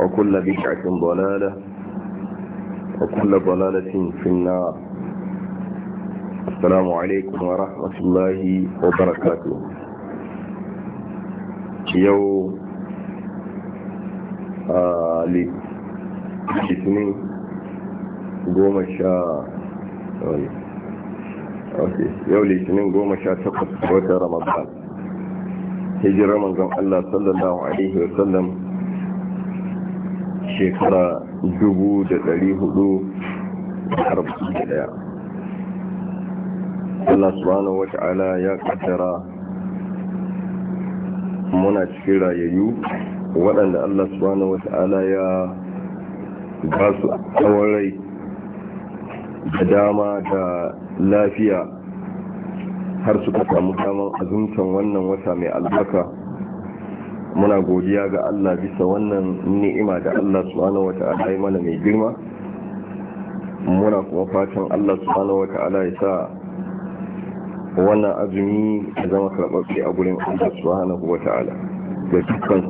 وكل بدعة ضلالة وكل ضلالة في النار السلام عليكم ورحمة الله وبركاته يوم litinin goma sha yau litinin goma sha takwas wata ramadan hijirar manzon Allah sallallahu Alaihi wasallam shekara 1441 Allah subhanahu wata'ala ya kaddara muna cikin rayayyu waɗanda Allah subhanahu wata'ala ya ba su tsawon rai da dama da lafiya har suka samu damar azumtan wannan wata mai albaka muna godiya ga Allah bisa wannan ni'ima da Allah subhanahu ta'ala ya mana mai girma muna kuma fatan Allah subhanahu ta'ala, ya sa wannan azumi ya zama karɓaɓɓe a gurin Allah subhanahu ta'ala? da dukkan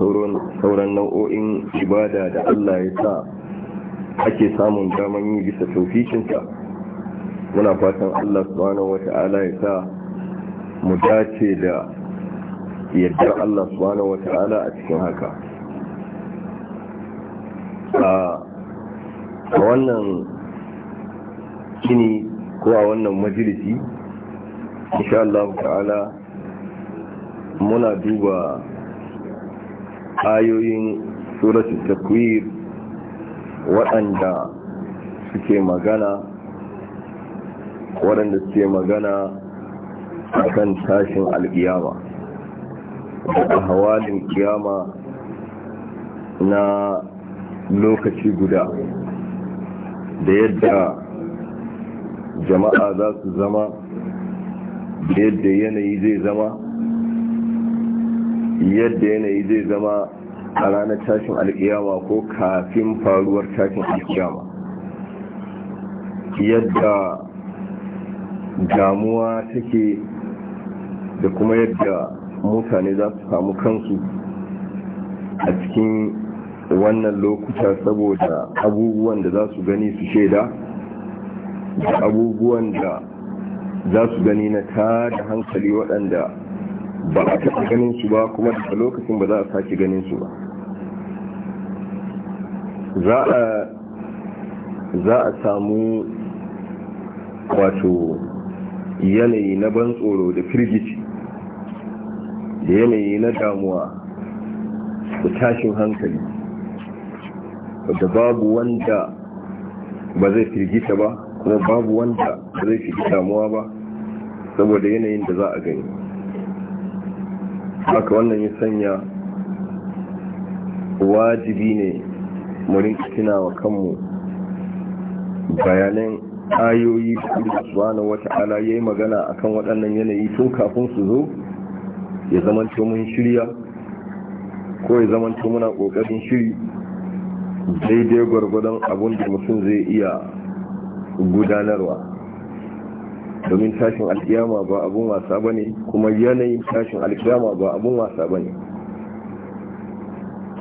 sauran nau'o'in ibada da Allah ya sa ake samun daman yi bisa taufikinsa muna fatan Allah subhanahu ta'ala, ya sa mu dace da yadda Allah subhanahu wata'ala a cikin haka a wannan kini ko a wannan majalisi insha Allah ta'ala muna duba ayoyin surat takwir waɗanda suke magana waɗanda suke magana akan tashin alƙiyama ahwalin kiyama na lokaci guda da yadda jama'a za su zama da yadda yanayi zai zama yadda yanayi zai zama a ranar tashin alkiyama ko kafin faruwar tashin alkiyama yadda damuwa take da kuma yadda mutane za su samu kansu a cikin wannan lokuta saboda abubuwan da za su gani su shaida da abubuwan da za su gani na ta da hankali waɗanda ba a taɓa ganin su ba kuma daga lokacin ba za a sake ganin su ba za a samu wato yanayi na ban tsoro da firgici da yanayi na damuwa da tashin hankali da babu wanda ba zai firgita ba kuma babu wanda ba zai firgi damuwa ba saboda yanayin da za a gani haka wannan ya sanya wajibi ne murin tuna wa kanmu bayanan ayoyi da ala ya yayi magana akan waɗannan yanayi tun kafin su zo ya zama mun shirya ko ya zamanto muna kokarin shiri daidai gwargwadon abin da mutum zai iya gudanarwa domin tashin alkiyama ba abun wasa ba ne kuma yanayin tashin alkiyama ba abun wasa ba ne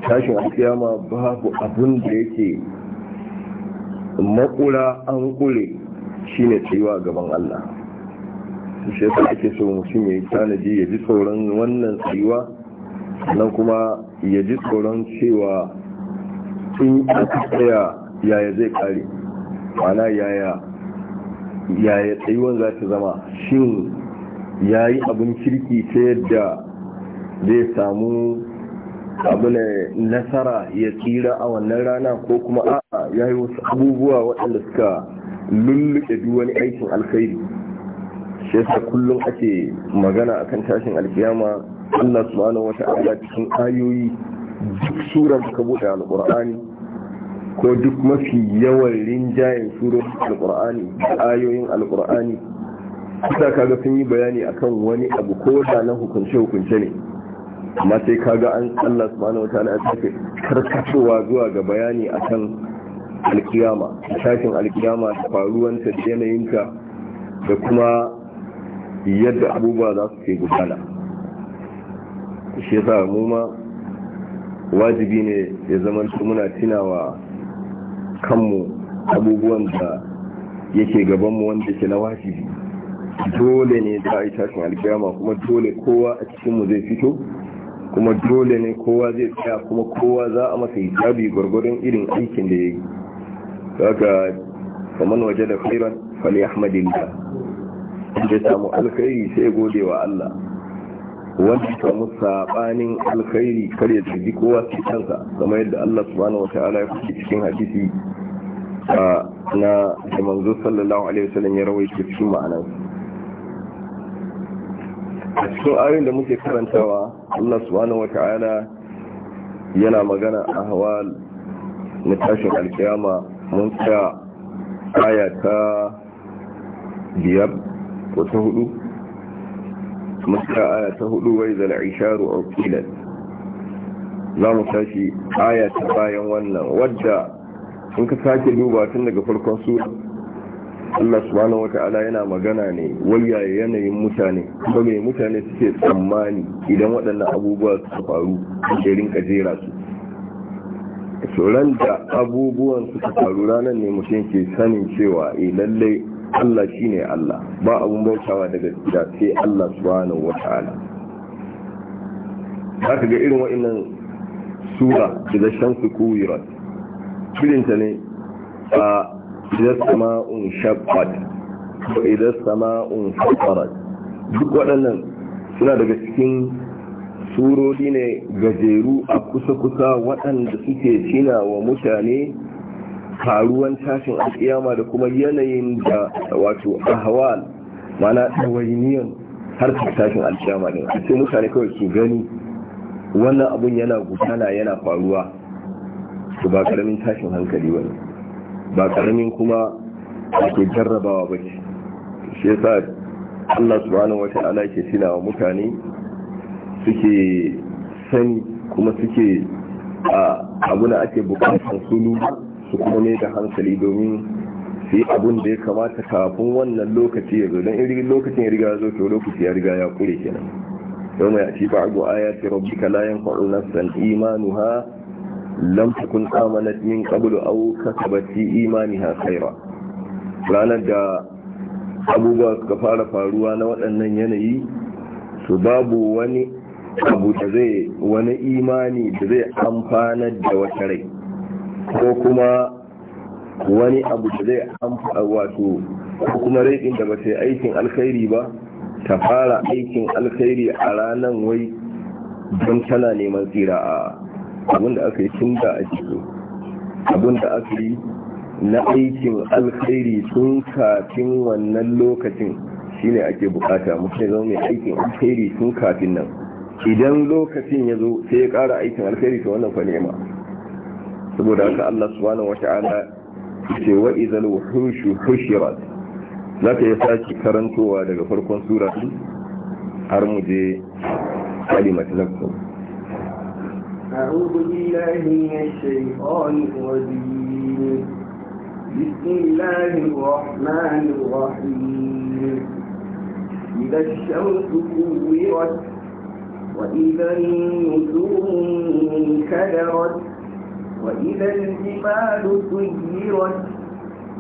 tashin alkiyama babu abun da yake makura an kure shine tsayuwa gaban Allah shi yasa ake so mutum ya yi tanadi ya ji tsoron wannan tsayuwa nan kuma ya ji tsoron cewa in a tsaya yaya zai kare mana yaya yaya tsayuwan za ta zama shin ya yi abin kirki ta yadda zai samu abu na nasara ya tsira a wannan rana ko kuma a'a ya yi wasu abubuwa waɗanda suka lulluɗe duk wani aikin alkhairi shi yasa kullum ake magana akan tashin alkiyama Allah subhanahu ta'ala cikin ayoyi duk surar da ka bude alqur'ani ko duk mafi yawan rinjayen surar alqur'ani ayoyin alqur'ani kusa kaga sun yi bayani akan wani abu ko da na hukunce hukunce ne amma sai kaga an Allah subhanahu ta'ala ya ce karkatowa zuwa ga bayani akan alkiyama tashin alkiyama da ta da yanayinka da kuma yadda abubuwa za su ke gudana shi yasa mu ma wajibi ne ya zama muna tunawa kanmu abubuwan da yake gabanmu wanda ke na wajibi dole ne za a yi tashin alkiyama kuma dole kowa a cikinmu zai fito kuma dole ne kowa zai tsaya kuma kowa za a masa hijabi gwargwarin irin aikin da ya yi kamar waje da khairan fali da. wanda ya samu alkhairi sai gode wa Allah wanda samu sabanin alkhairi kar ya tafi kowa cikin kansa kamar yadda Allah subhanahu ta'ala ya fice cikin hadisi na da manzo sallallahu alaihi wasallam ya rawaito cikin ma'anan a cikin ayoyin da muke karantawa Allah subhanahu ta'ala yana magana a hawa na tashin alkiyama mun tsaya aya ta biyar ko hudu muska aya ta hudu wai zala isharu za mu tashi aya ta bayan wannan wadda in ka sake duba tun daga farkon su Allah subhanahu wata'ala yana magana ne wayaye yanayin mutane kuma mai mutane suke tsammani idan waɗannan abubuwa su faru da rinka jera su tsoron da abubuwan suka faru ranar ne mutum ke sanin cewa eh lallai Allah shi ne Allah ba abun bautawa daga gida sai Allah subhanahu Za ka ga irin wa'annan sura da shamsu kuwirat filinta ne a idan sama'un shabbad ko idan sama'un fafarat duk waɗannan suna daga cikin surori ne gajeru a kusa-kusa waɗanda suke cina wa mutane faruwan tashin alkiyama da kuma yanayin da wato ahwal mana har harkar tashin alkiyama ne sai mutane kawai su gani wannan abun yana gudana yana faruwa to ba karamin tashin hankali wani ba karamin kuma ke jarrabawa ba ce shi yasa Allah subhanahu wata'ala ke tina wa mutane suke sani kuma suke abuna ake bukatar su su kuma mai da hankali domin su yi abin da ya kamata kafin wannan lokaci ya zo don lokacin ya riga zo to lokaci ya riga ya kure kenan yau mai ake ba abu rabbi ka la yanfa'u nafsan imanuha lam takun amanat min qablu aw kasabat imani imaniha khaira ranar da abubuwa suka fara faruwa na waɗannan yanayi su babu wani abu da zai wani imani da zai amfanar da wata rai ko kuma wani abu da zai amfa wato ko kuma raikin da ba sai aikin alkhairi ba ta fara aikin alkhairi a ranar wai don tana neman tsira a abinda aka yi tun da a jiki abinda aka yi na aikin alkhairi tun kafin wannan lokacin shine ake bukata mutum zama mai aikin alkhairi tun kafin nan idan lokacin ya zo sai ya kara aikin alkhairi ta wannan fa nema saboda haka Allah subhanahu wata'ala ce wa idzal wuhushu hushirat zaka yi saki karantowa daga farkon sura har mu je kalimat zakkum أعوذ بالله من الشيطان بسم الله الرحمن الرحيم إذا الشمس كورت وإذا النجوم انكدرت وإذا الجبال سيرت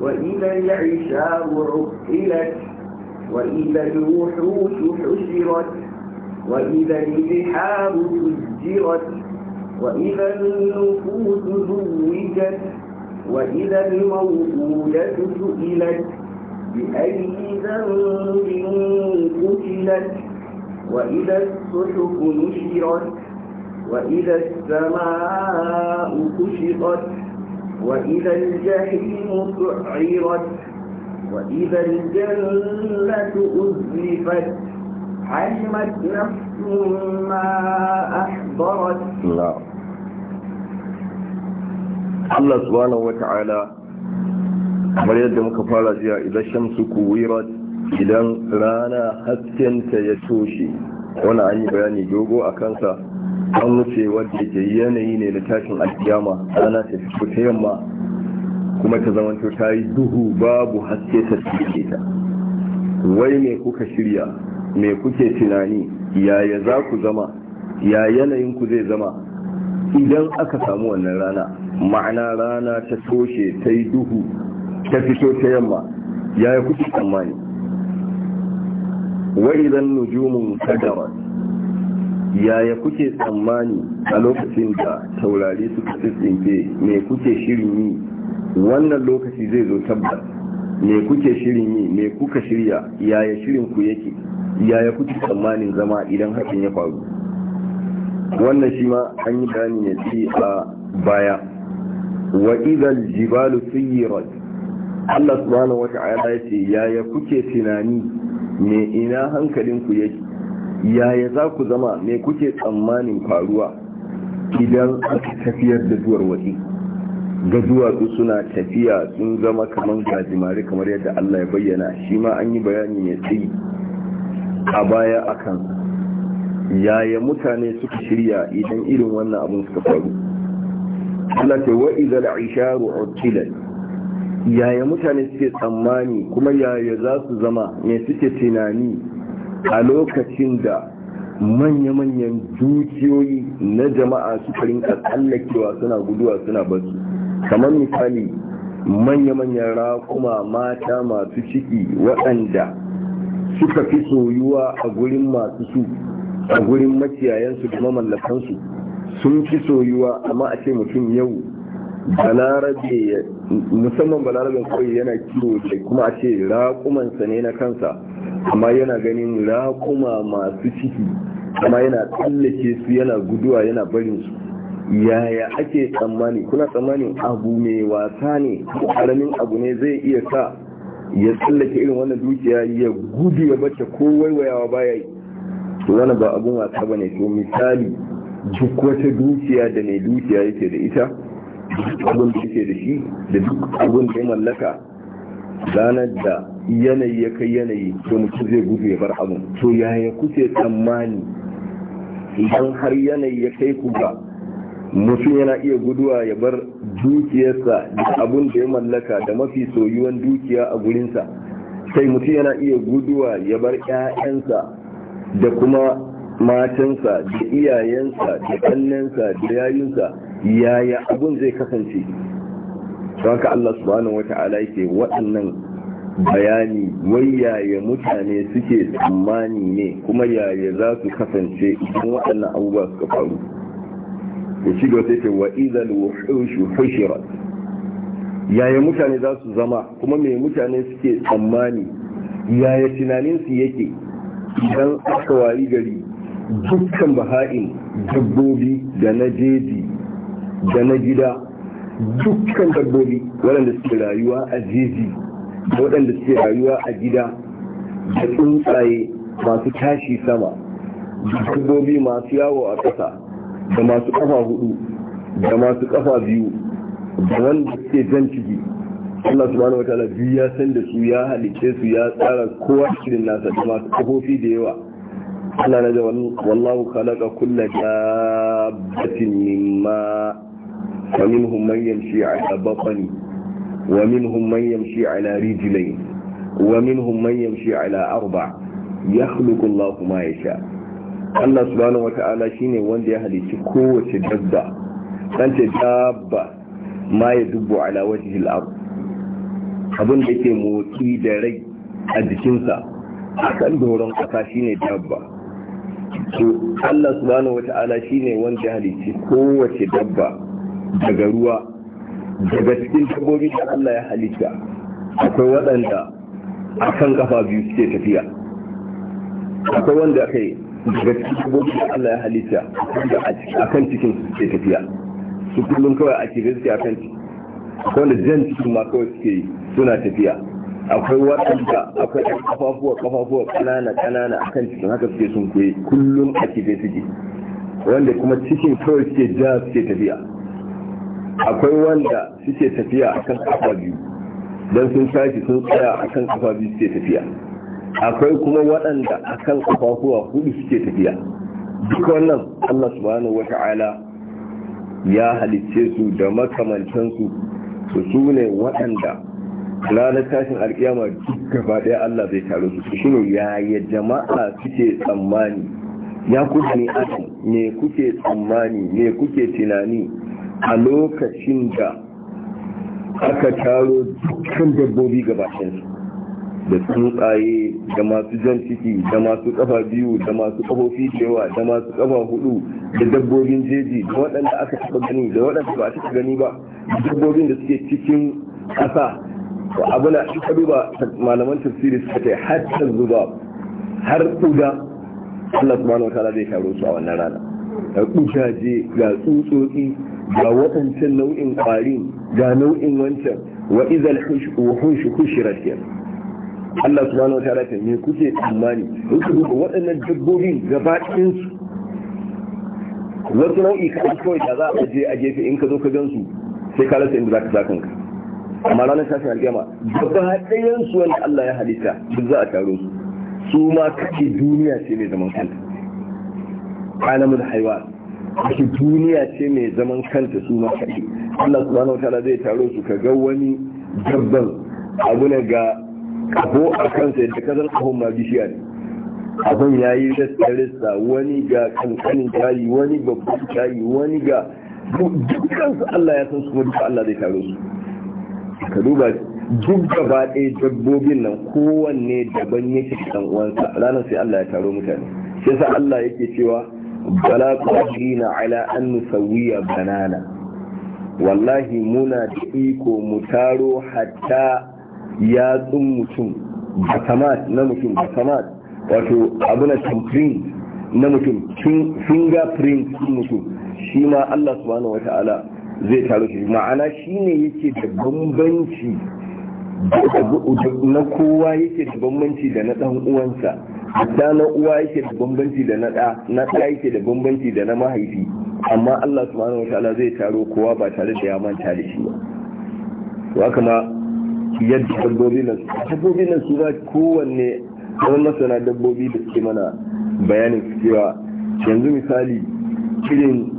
وإذا العشاب عقلت وإذا الوحوش حشرت وإذا البحار سجرت وإذا النفوس زوجت وإذا الموجودة سئلت بأي ذنب قتلت وإذا الصحف نشرت وإذا السماء كشطت وإذا الجحيم سعرت وإذا الجنة أزلفت علمت نفس ما أحضرت نعم Allah subhanahu wata'ala kamar yadda muka fara jiya idan shamsu kuwirat idan rana haskenta ya toshe wani an yi bayani dogo a kansa an wuce wadda ke yanayi ne da tashin alkiyama rana ta fito ta yamma kuma ta zamanto ta yi duhu babu haske ta suke ta wai me kuka shirya me kuke tunani yaya za ku zama ya yanayin ku zai zama idan aka samu wannan rana ma'ana rana ta toshe ta yi duhu ta fito ta yamma yaya kuke tsammani wa idan nujumun kadarat yaya kuke tsammani a lokacin da taurari suka tsintsinke me kuke shirin yi wannan lokaci zai zo tabbas me kuke shirin yi me kuka shirya yaya shirin ku yake yaya kuke tsammanin zama idan hakan ya faru wannan shi ma an yi bayani ne ci a baya wa idan jibalu suyirat Allah subhanahu ta'ala ya ce yaya kuke tunani me ina hankalinku yake yaya za ku zama me kuke tsammanin faruwa idan aka tafiyar da waje? ga duwatsu suna tafiya sun zama kamar gajimare kamar yadda Allah ya bayyana shi ma an yi bayani mai tsayi a baya akan yaya mutane suka shirya idan irin wannan abin suka faru Allah ta wa idza isharu utilat yaya mutane suke tsammani kuma yaya za su zama me suke tunani a lokacin da manya-manyan dukiyoyi na jama'a suka rinka tsallakewa suna guduwa suna basu kamar misali manya-manyan rakuma mata masu ciki waɗanda suka fi soyuwa a gurin masu su a gurin maciyayensu da mamallakansu sun fi soyuwa amma a ce mutum yau balarabe musamman balaraben kawai yana kiwo da kuma a ce raƙumansa ne na kansa amma yana ganin raƙuma masu ciki amma yana tsallake su yana guduwa yana barin su yaya ake tsammani kuna tsammanin abu mai wasa ne karamin abu ne zai iya sa ya tsallake irin wannan dukiya ya gudu ya bace ko waiwayawa baya yi wani ba abun wasa ba ne to misali duk wata dukiya da mai dukiya yake da ita abin da yake da shi da duk abin da ya mallaka ranar da yanayi ya kai yanayi to mutum zai gudu ya bar abu to yaya kuke tsammani idan har yanayi ya kai ku ga mutum yana iya guduwa ya bar dukiyarsa da abun da ya mallaka da mafi soyuwan dukiya a gurinsa sai mutum yana iya guduwa ya bar 'ya'yansa da kuma matansa da iyayensa da kannensa da yayinsa yaya abun zai kasance don haka Allah subhanahu wa yake waɗannan bayani wai yaya mutane suke tsammani ne kuma yaya za su kasance idan waɗannan abubuwa suka faru ya shi gaba wata wa idan wuhushu hushirat yaya mutane za su zama kuma me mutane suke tsammani yaya tunaninsu yake idan aka wari gari dukkan baha'in dabbobi da na jeji da na gida dukkan dabbobi waɗanda suke rayuwa a jeji waɗanda suke rayuwa a gida da tsuntsaye masu tashi sama da dabbobi masu yawo a ƙasa da masu ƙafa hudu da masu ƙafa biyu da wanda suke jan ciki Allah subhanahu wataala biyu ya san da su ya halice su ya tsara kowa cikin nasa da masu kafofi da yawa Allah na da wallahu khalaqa kulla dabbatin mimma wa minhum man yamshi ala batni ومنهم من يمشي على رجلين ومنهم من يمشي على أربع يخلق الله ما يشاء الله سبحانه وتعالى شيني وان دي أهلي شكوة جدة أنت جاب ما يدب على وجه الأرض abin da ke motsi da rai a jikinsa a kan doron ƙasa shine dabba to allah subhanahu wa ta'ala shine wanda ya halicci kowace dabba daga ruwa daga cikin dabbobi da Allah ya halitta akwai waɗanda akan kafa biyu suke tafiya akwai wanda aka yi daga cikin dabbobi da Allah ya halitta wanda akan cikin suke tafiya su kullum kawai a kire suke akan ciki akwai wanda jan cikin ma kawai suke yi suna tafiya akwai waɗanda akwai ɗan kafafuwa kafafuwa ƙanana ƙanana akan cikin haka suke sun kuyi kullum a kire suke wanda kuma cikin kawai suke ja suke tafiya akwai wanda suke tafiya akan kafa biyu don sun tashi sun tsaya akan kafa biyu suke tafiya akwai kuma waɗanda akan kafafuwa hudu suke tafiya duk wannan Allah subhanahu ala ya halicce su da makamantansu su su ne waɗanda ranar tashin alƙiyama duk gaba ɗaya Allah zai taru su shi ne yaya jama'a suke tsammani ya kuke ne adam me kuke tsammani me kuke tunani a lokacin da aka taro dukkan dabbobi gabatansu da tsuntsaye da masu jan ciki da masu kafa biyu da masu kafofi cewa da masu kafa hudu da dabbobin jeji da waɗanda aka taɓa gani da waɗanda ba a taɓa gani ba dabbobin da suke cikin ƙasa abu na in ka ba malaman tafsiri suka ce hatta zuba har ƙuda Allah subhanahu wa ta'ala zai karo su a wannan rana da ƙudaje ga tsutsotsi ga waɗancan nau'in ƙwarin ga nau'in wancan wa izal hushi hushirar Allah subhanahu wataala ta me kuke tsammani in ku duba waɗannan dabbobin gaba ɗayan su wasu nau'i ka kawai da za a je a gefe in ka zo ka gansu sai ka rasa inda za ka sa kanka amma ranar tashin alƙiyama gaba ɗayan su wanda Allah ya halitta duk za a taro su su ma kake duniya ce mai zaman kanta da haiwan ake duniya ce mai zaman kanta su ma kaɗai Allah subhanahu wa ta'ala zai taro su ka ga wani dabban abu ne ga kafo a kansa da kasar abun ma bishiya ne Abun ya yi rasta wani ga kankanin tayi wani babban tayi wani ga su Allah ya san su kuma duka Allah zai taro su ka duba duk gaba ɗaya dabbobin nan kowanne daban yake da uwansa ranar sai Allah ya taro mutane sai sa Allah yake cewa bala qadirina ala an nusawwiya banana wallahi muna da iko mu taro hatta yatsun mutum batamat na mutum batamat wato abuna tamprint na mutum fingerprint mutum shi ma Allah subhanahu ta'ala zai taro shi ma'ana shi ne yake da bambanci na kowa yake da bambanci da na ɗan uwansa hatta na uwa yake da bambanci da na ɗa na ɗa yake da bambanci da na mahaifi amma Allah subhanahu wataala zai taro kowa ba tare da ya manta da shi ba to haka ma yadda dabbobi nan dabbobi nan su ba kowanne wani masana dabbobi da suke mana bayanin cewa yanzu misali irin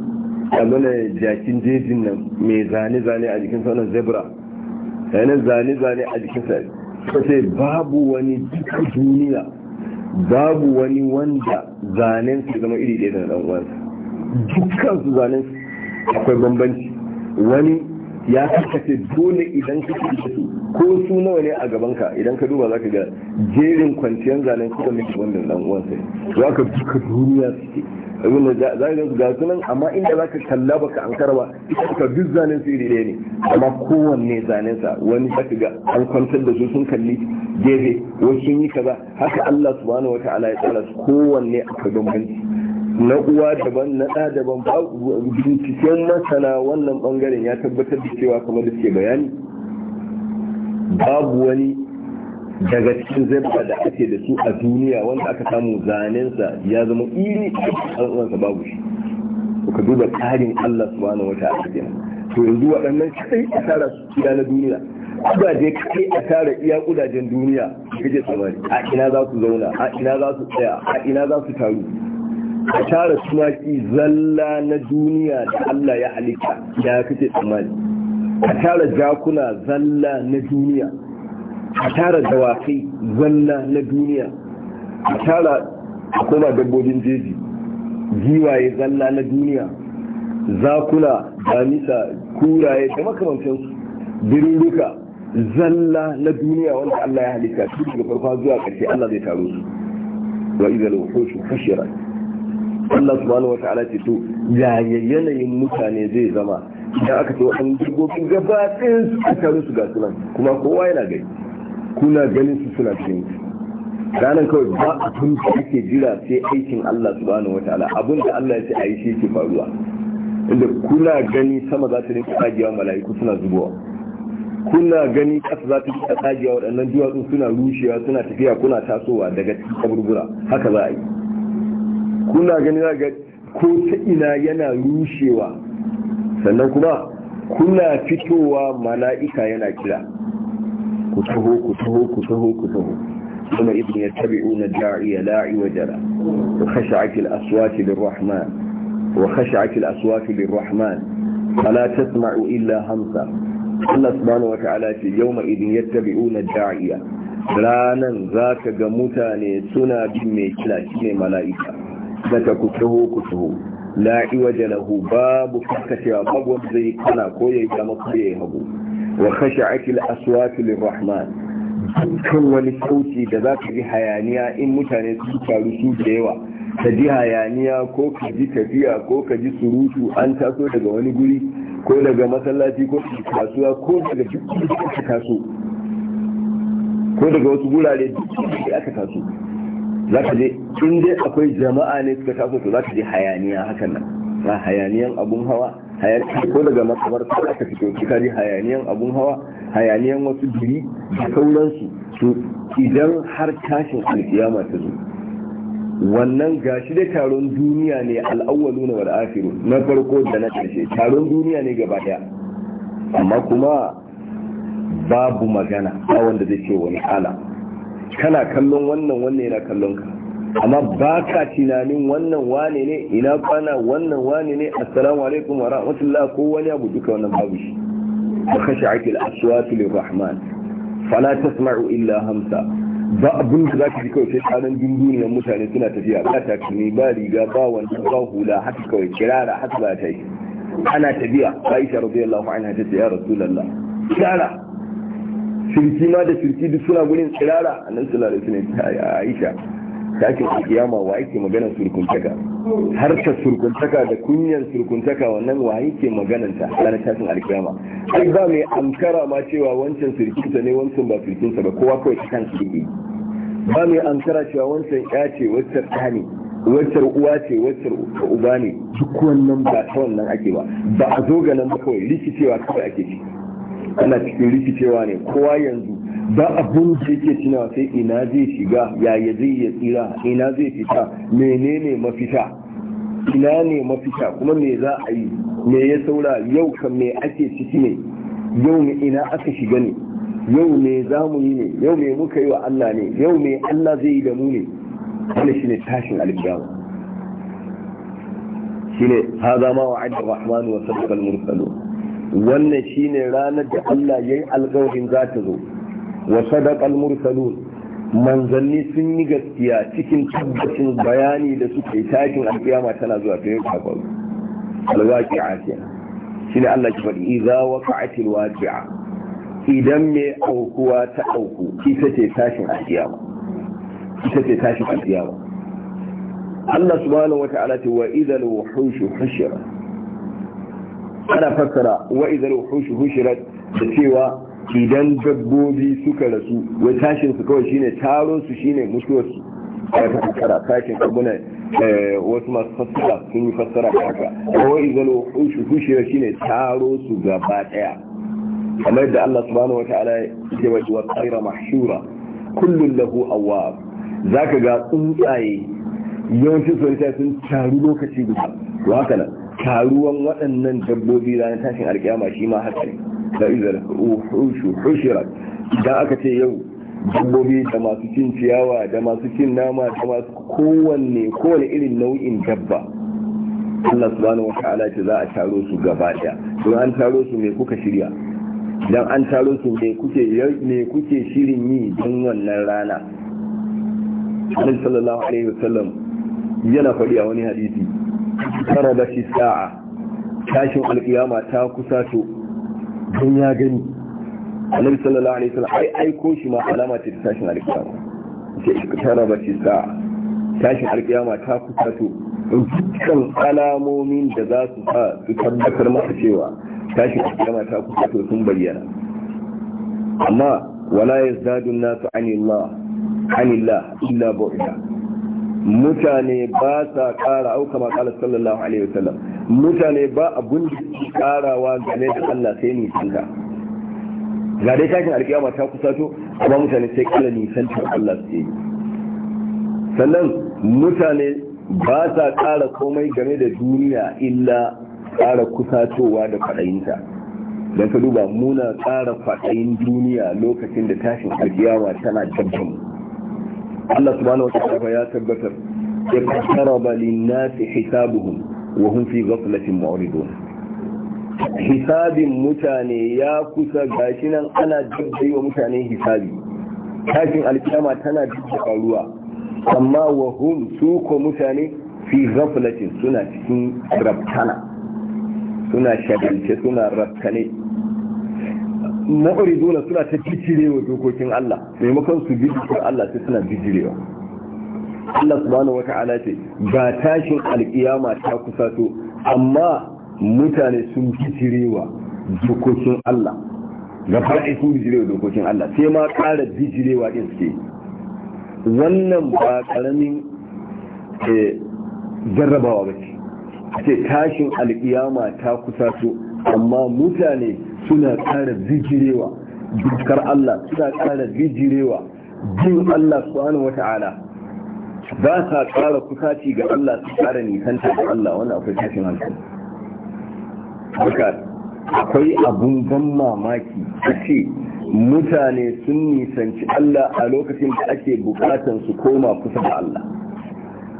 abana jakin jejin nan mai zane-zane a jikin sanar zebra yana zane-zane a jikin sa sai babu wani duka duniya babu wani wanda zanen su zama iri ɗaya da na ɗan uwansa dukkan su zanen akwai bambanci wani ya kakace dole idan ka su ko su nawa ne a gaban ka idan ka duba zaka ga jerin kwanciyar zanen suka miki wannan dan uwan sai ka duka duniya suke da za ka ga sunan amma inda za ka kalla baka ankara ba ita ka duk zanen su iri ɗaya ne amma kowanne zanen sa wani za ka ga an kwantar da su sun kalli gefe wasu sun yi kaza haka Allah subhanahu Ta'ala ya tsara su kowanne a bambanci na uwa daban na ɗa daban ba binciken masana wannan bangaren ya tabbatar da cewa kamar da ke bayani babu wani daga cikin zaba da ake da su a duniya wanda aka samu zanensa ya zama iri a babu shi ka duba tsarin Allah subhanahu wata kenan to yanzu waɗannan kai a tara su na duniya kudaje kai a tara iya kudajen duniya kaje samari a ina za su zauna a ina za su tsaya a ina za su taru a tara tumaki zalla na duniya da Allah ya halitta da kake tsammani a tara jakuna zalla na duniya a tara dawakai zalla na duniya a tara kuma dabbobin jeji giwaye zalla na duniya zakuna damisa kuraye da makamantansu birnuka zalla na duniya wanda Allah ya halitta tun daga farko zuwa ƙarshe Allah zai taro su wa idza al-wuhush hushirat Allah subhanahu wata'ala ce to ya yanayin mutane zai zama idan aka ce waɗannan dabbobin gaba ɗin su aka rusu ga sunan kuma kowa yana gani kuna ganin su suna cikin ranar kawai ba tun da ake jira sai aikin Allah subhanahu wata'ala abin da Allah ya ce a yi shi ke faruwa inda kuna gani sama za ta rinka tsagewa mala'iku suna zubowa kuna gani ƙasa za ta rinka tsagewa waɗannan duwatsu suna rushewa suna tafiya kuna tasowa daga cikin kaburbura haka za a yi kuna gani za ga ko ta ina yana rushewa sannan kuma kuna fitowa mala'ika yana kira ku taho ku taho ku taho ku taho kuma ibn yattabi'una da'iya la'i wa jara wa khash'at al-aswat lir-rahman wa khash'at al-aswat lir-rahman fala tasma'u illa hamsa Allah subhanahu wata'ala ce ma idin ya tabi yattabi'una da'iya ranan ka ga mutane suna bin mai kira shine mala'ika daga ku taho ku taho la iwaja lahu babu kakkacewa babu wanda zai kana ko ya yi ko ya yi hagu wa ake al-aswatu rahman kan wani sauti da za ka ji hayaniya in mutane su taru su da yawa ka ji hayaniya ko ka ji tafiya ko ka ji surutu an taso daga wani guri ko daga masallaci ko daga kasuwa ko daga duk aka taso ko daga wasu gurare duk aka taso za ka je in dai akwai jama'a ne suka taso to za ka je hayaniya hakan nan na hayaniyan abun hawa hayaniyan ko daga ka aka fito kika ji hayaniyan abun hawa hayaniyan wasu biri da sauransu to idan har tashin alkiyama ta zo wannan gashi da taron duniya ne al'awwalu na wal akhiru na farko da na karshe taron duniya ne gaba daya amma kuma babu magana a wanda zai ce wani ala kana kallon wannan wannan kallon ka amma ba ka tunanin wannan wane ne ina kwana wannan wane ne assalamu alaikum wa rahmatullah ko wani abu duka wannan babu shi wa khashi'atil aswatu lirrahman fala tasma'u illa hamsa ba abin da zaka ji kawai sai karan dunduniyar mutane suna tafiya ba takalmi ba riga ba wanda ba hula haka kawai kirara haka ba ta yi ana tafiya Aisha radiyallahu anha ta ya Rasulullah kirara Shirki ma da shirki duk suna gurin tsirara a nan tsirara su ne aisha takin kiyama wa yake maganar surkuntaka har ta surkuntaka da kunyan surkuntaka wannan wa yake maganar ta ranar tashin alkiyama ai ba mai ankara ma cewa wancan surkinsa ne wancan ba surkinsa ba kowa kawai kan surki ba mai ankara cewa wancan ya ce waccan ta ne waccan uwa ce wancan uba ne duk wannan ba ta wannan ake ba ba a zo ga nan ba kawai rikicewa kawai ake ciki ana cikin rikicewa ne kowa yanzu ba abun da yake tunawa sai ina zai shiga yaya zai ya tsira ina zai fita menene mafita ina ne mafita kuma me za a yi me ya saura yau kan me ake ciki ne yau ne ina aka shiga ne yau me za mu yi ne yau me muka yi wa Allah ne yau me Allah zai yi da mu ne wannan shine tashin alƙiyama shine hada ma wa'ada rahman wa sadaqa al-mursalun wannan shine ranar da Allah ya yi alƙawarin za ta zo wa sadaqal mursalun manzanni sun yi gaskiya cikin tabbacin bayani da suke yi takin alkiyama tana zuwa ta yi kakwaru alwaki a shi ne Allah ki faɗi iza waka ake waƙi'a idan me aukuwa ta auku ita ce tashin alkiyama ita ce tashin alkiyama Allah subhanahu wa ta'ala ce wa idan wuhushu hushira ana fassara wa idan hushu hushirat da cewa idan dabbobi suka rasu wai tashin su kawai shine taro su shine mutuwar su ta fassara tashin abuna eh, wasu masu fassara sun yi fassara haka wa idan hushirat shine taro su gaba daya kamar yadda Allah subhanahu wataala ya wajen wa tsaira mahshura kullun lahu awwab zaka ga tsuntsaye yawancin sun sun taru lokaci guda to haka nan taruwan waɗannan dabbobi ranar tashin alƙiyama shi ma haka ne da izar hushira idan aka ce yau dabbobi da masu cin ciyawa da masu cin nama da masu kowanne kowane irin nau'in dabba Allah subhanahu wa ta'ala ce za a taro su gaba ɗaya don an taro su me kuka shirya don an taro su me kuke me kuke shirin yi don wannan rana Annabi sallallahu alaihi wasallam yana faɗi a wani hadisi shi sa'a tashin alkiyama ta kusa to don ya gani annabi sallallahu alaihi wasallam ai aiko shi ma alama ce ta tashin alkiyama ce tara ba tashin alkiyama ta kusa to dukkan alamomin da za su sa su tabbatar masa cewa tashin alkiyama ta kusa to sun bayyana amma wala yazdadu an-nasu anillah anillah illa bu'da mutane ba sa ƙara auka maƙalar sallallahu alaihi wasallam mutane ba abun da ke ƙarawa game da Allah sai nisanta ga dai takin alƙiyama ta kusa to amma mutane sai ƙara ta Allah sai sannan mutane ba sa ƙara komai game da duniya illa ƙara kusatowa da kwaɗayinta don ka duba muna ƙara kwaɗayin duniya lokacin da tashin alƙiyama tana dabbamu Allah subhanahu wa ta'ala ya tabbatar ya qaraba lin-nasi hisabuhum wa hum fi ghaflatin mu'ridun hisabin mutane ya kusa gashi nan ana dabbai wa mutane hisabi tashin alkiyama tana dabba faruwa amma wa hum su ko mutane fi ghaflatin suna cikin rabtana suna shagalce suna rabtane mu'riduna suna ta bijirewa dokokin Allah maimakon su bijire Allah sai suna bijirewa Allah subhanahu wata'ala ce ga tashin alkiyama ta kusa to amma mutane sun bijirewa dokokin Allah ga fara'i sun bijirewa dokokin Allah sai ma kara bijirewa din suke wannan ba karamin eh, jarrabawa ba ce tashin alkiyama ta kusa to amma mutane suna ƙara zijirewa dukkan Allah suna ƙara bijirewa jin Allah subhanahu wata'ala ba sa ƙara kusaci ga Allah su ƙara nisanta ga Allah wani akwai tafi hankali haka akwai abun ban mamaki a ce mutane sun nisanci Allah a lokacin da ake bukatan su koma kusa da Allah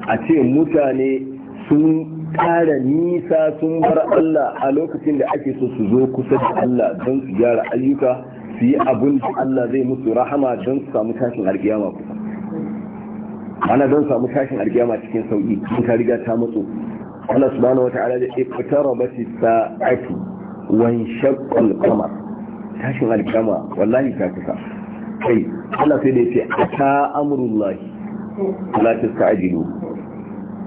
a ce mutane sun ƙara nisa sun bar Allah a lokacin da ake so su zo kusa da Allah don su gyara ayyuka su yi abin da Allah zai musu rahama don su samu tashin alƙiyama kusa ana don samu tashin alƙiyama cikin sauƙi in ka riga ta matso Allah subhanahu wa ta'ala da iqtarabat as sa wa inshaqqa al-qamar tashin alƙiyama wallahi ta kusa kai Allah sai da yace ata amrullahi la tastajilu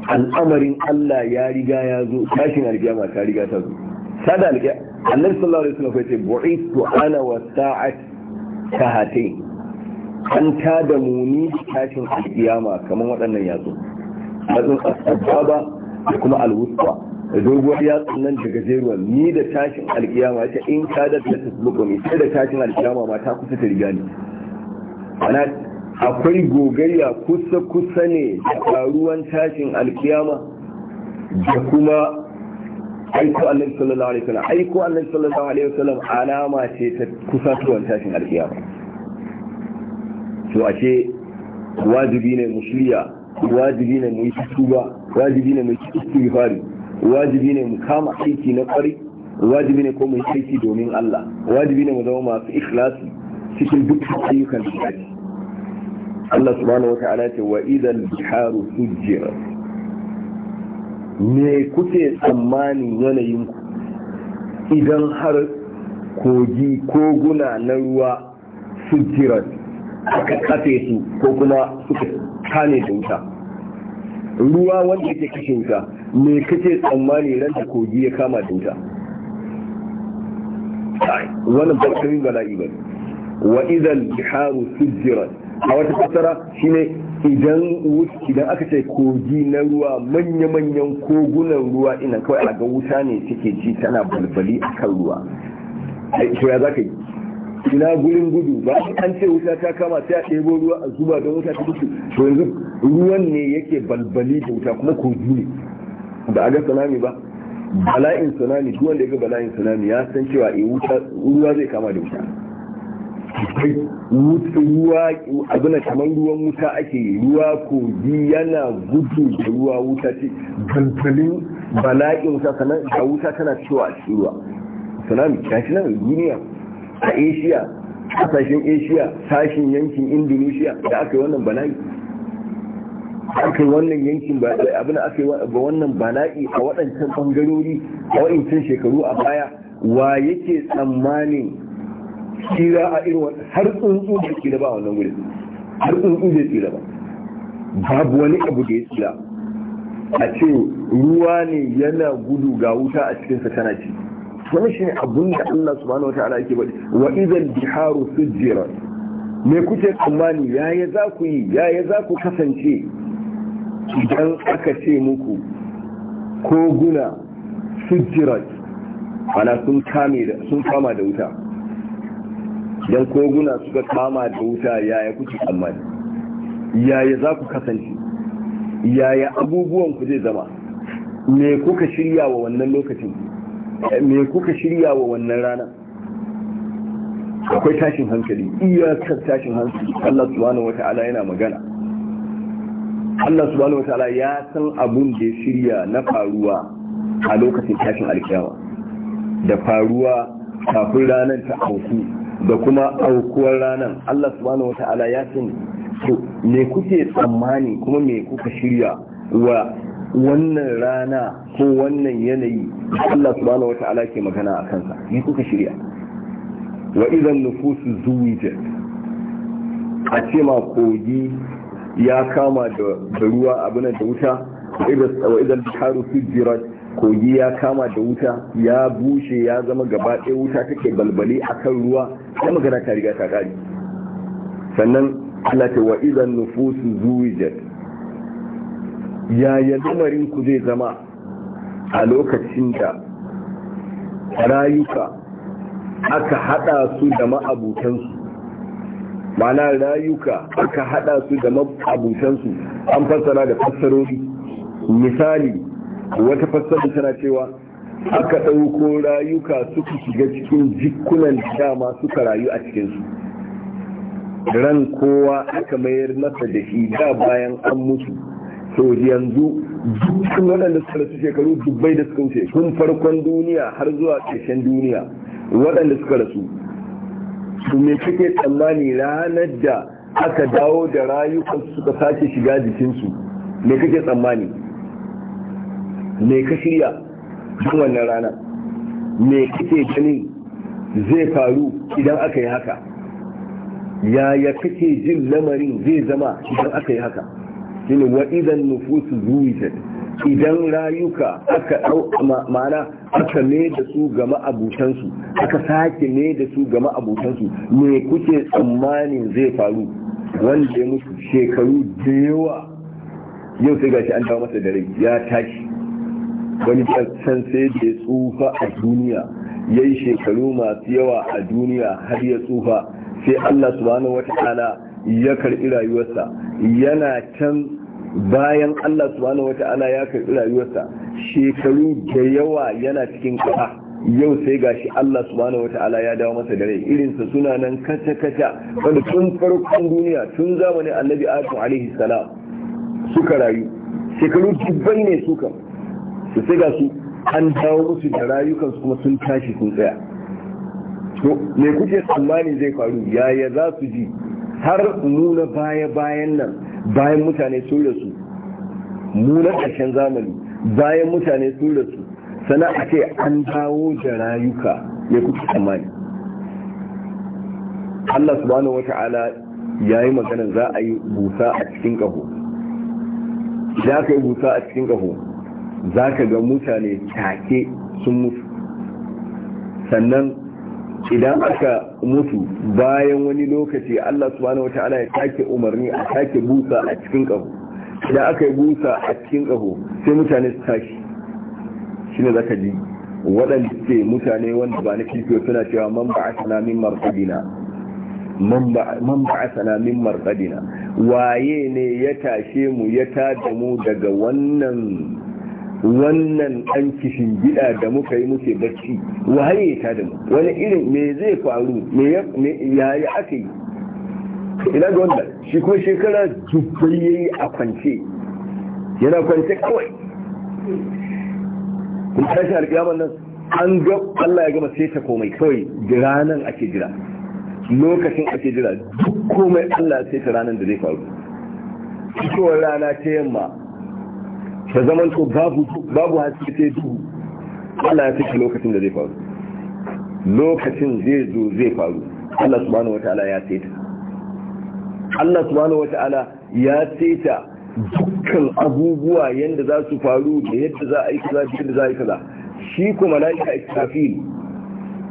al'amarin Allah ya riga ya zo tashin alkiyama ta riga ta zo sada alkiyama Allah sallallahu alaihi wasallam yace bu'itu ana wa sa'at kahate an ta da muni tashin alkiyama kamar waɗannan yatsu yatsun asbaba da kuma da doguwar yatsun nan daga gajeruwar ni da tashin alkiyama ta in ka da ta mai sai da tashin alkiyama ma ta kusa ta riga ni akwai gogayya kusa-kusa ne da faruwan tashin alkiyama da kuma aiko Allah sallallahu alaihi wasallam aiko annabi sallallahu alaihi wasallam alama ce ta kusatuwan tashin alkiyama to ce wajibi ne mu shirya wajibi ne mu yi tuba wajibi ne mu yi istighfari wajibi ne mu kama aiki na kwari wajibi ne ko mu yi aiki domin Allah wajibi ne mu zama masu ikhlasi cikin dukkan ayyukan da Allah subhanahu wata'ala ce wa idan biharu sujjira me kuke tsammanin yanayin ku idan har kogi koguna na ruwa sujjira aka kafe su ko kuma suka kane da wuta ruwa wanda yake kashin ka me kace tsammani ran da kogi ya kama da wuta wannan ba bala'i ba wa idan biharu sujjirat a wata fassara shine idan idan aka ce kogi na ruwa manya-manyan kogunan ruwa ina kawai a ga wuta ne suke ci tana balbali a kan ruwa to ya zaka yi ina gurin gudu ba an ce wuta ta kama sai a ɗebo ruwa a zuba don wuta ta gudu to yanzu ruwan ne yake balbali da wuta kuma kogi ne ba a ga tsunami ba bala'in tsunami duk wanda ya ga bala'in tsunami ya san cewa eh, ruwa zai kama da wuta kai ruwa abin kamar ruwan wuta ake ruwa kogi yana gudu da ruwa wuta ce gantalin bala'in wuta sannan da wuta tana cewa a cikin ruwa tsunami gashi nan duniya a asia kasashen asia sashen yankin indonesia da aka yi wannan bala'i aka yi wannan yankin abin da aka yi wannan bala'i a waɗancan bangarori a waɗancan shekaru a baya wa yake tsammanin tsira a irin har tsuntsu da tsira ba a wannan wuri har tsuntsu da tsira ba babu wani abu da ya tsira a ce ruwa ne yana gudu ga wuta a cikinsa tana ci wani shi ne abun da Allah subhanahu wa ta'ala yake bari wa idan biharu sujjira me kuke tsammani yaya za ku yi yaya za ku kasance idan aka ce muku koguna sujjira ana sun kama da wuta don koguna suka kama da wuta yaya kuke tsammani yaya za ku kasance yaya abubuwan ku zai zama me kuka shirya wa wannan lokacin me kuka shirya wa wannan rana akwai tashin hankali iyakar tashin hankali Allah subhanahu wata'ala yana magana Allah subhanahu wata'ala ya san abun da ya shirya na faruwa a lokacin tashin alkiyama da faruwa kafin ranar ta auku da kuma aukuwar ranar Allah subhanahu wa ta'ala ya san to me kuke tsammani kuma me kuka shirya wa wannan rana ko wannan yanayi Allah subhanahu wa ta'ala ke magana a kansa me kuka shirya wa idan nufusu zuwijat a ce ma kogi ya kama da ruwa abinan da wuta wa idan biharu sujjirat kogi ya kama da wuta ya bushe ya zama gaba ɗaya wuta take balbali akan ruwa ai magana ta riga ta kare sannan Allah ta wa idan nufusu zuwijat yaya lamarin ku zai zama a lokacin da rayuka aka hada su da ma'abutansu mana rayuka aka hada su da ma'abutansu an fassara da fassarori misali wata fassara tana cewa aka ɗauko rayuka suka shiga cikin jikunan da masu karayu a cikinsu ran kowa aka mayar masa da shi da bayan an mutu So, yanzu dukkan waɗanda suka rasu shekaru dubbai da suka wuce kun farkon duniya har zuwa ƙarshen duniya waɗanda suka rasu su me suke tsammani ranar da aka dawo da rayukansu suka sake shiga jikinsu me kake tsammani me ka shirya don wannan rana me kike ganin zai faru idan aka yi haka yaya kake jin lamarin zai zama idan aka yi haka shine wa idan nufusu zuwita idan rayuka aka ma'ana aka ne da su ga ma'abutansu aka sake ne da su ga ma'abutansu me kuke tsammanin zai faru wanda ya mutu shekaru da yawa yau sai gashi an dawo masa da rai ya tashi wani can sai da ya tsufa a duniya ya yi shekaru masu yawa a duniya har ya tsufa sai allah subhanahu wata'ala ya karɓi rayuwarsa yana can bayan allah subhanahu wata'ala ya karɓi rayuwarsa shekaru da yawa yana cikin ƙasa yau sai gashi Allah subhanahu wata'ala ya dawo masa da rai irinsa suna nan kata-kata. wanda tun farkon duniya tun zamani annabi adam alaihi salam suka rayu shekaru dubbai ne suka da sai ga su an dawo musu da rayukansu kuma sun tashi sun tsaya to me kuke tsammani zai faru yaya za su ji har nuna baya bayan nan bayan mutane sun rasu mu na ƙarshen zamani bayan mutane sun rasu sana a ce an dawo da rayuka me kuke tsammani Allah subhanahu wata'ala ya yi magana za a yi busa a cikin ƙaho za ka yi busa a cikin ƙaho za ka ga mutane take sun mutu sannan idan aka mutu bayan wani lokaci Allah subhanahu wata'ala ya take umarni a take busa a cikin ƙaho idan aka yi busa a cikin ƙaho sai mutane su tashi shi ne za ka ji waɗanda ce mutane wanda ba na kifiyo suna cewa man ba a sanamin min marƙadina man ba a sanamin waye ne ya tashe mu ya tada mu daga wannan wannan ɗan kishin gida da muka yi muke bacci waye ta da mu wani irin me zai faru me yi aka yi ina ga wanda shi ko shekara dubbai yi a kwance yana kwance kawai kun tashi alƙiyamar nan an ga Allah ya gama sai ta komai kawai jira nan ake jira lokacin ake jira duk komai Allah sai ta ranar da zai faru fitowar rana ta yamma ta zaman to babu babu haske sai duhu Allah ya saki lokacin da zai faru lokacin zai zo zai faru Allah subhanahu wataala ya saita Allah subhanahu wataala ya saita dukkan abubuwa yanda za su faru da yadda za a yi kaza da yadda za a yi kaza shi kuma malaika israfil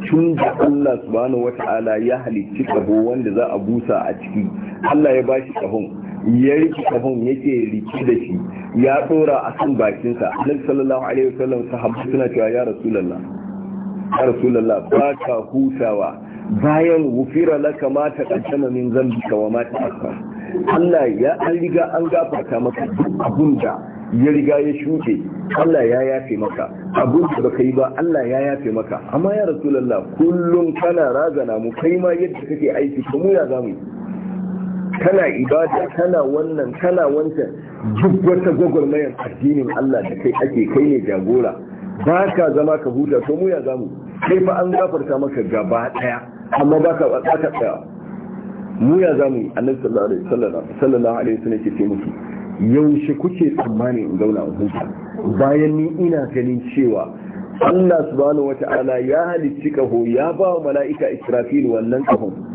tun da Allah subhanahu wataala ya halicci kaho wanda za a busa a ciki Allah ya bashi kahon ya riki ya yake riki da shi ya tsora a kan bakinsa annabi sallallahu alaihi wasallam sahabbai suna cewa ya rasulullah ya rasulullah ba ka hutawa bayan wufira laka ma ta kaddama min zambika wa ma ta'akhkhar Allah ya an riga an gafarta maka duk abun da ya riga ya shuke. Allah ya yafe maka abun da baka yi ba Allah ya yafe maka amma ya rasulullah kullum kana razana mu kai ma yadda kake aiki kuma ya zamu kana ibada kana wannan kana wancan duk wata gwagwarmayar addinin Allah da kai ake kai ne jagora ba ka zama ka huta to mu ya zamu kai fa an gafarta maka gaba daya amma ba ka tsaka tsaya mu ya zamu annabi sallallahu alaihi wasallam sallallahu alaihi wasallam ce musu yaushe kuke tsammani in zauna a huta bayan ni ina ganin cewa Allah subhanahu wata'ala ya halicci kaho ya ba wa mala'ika Israfil wannan kahon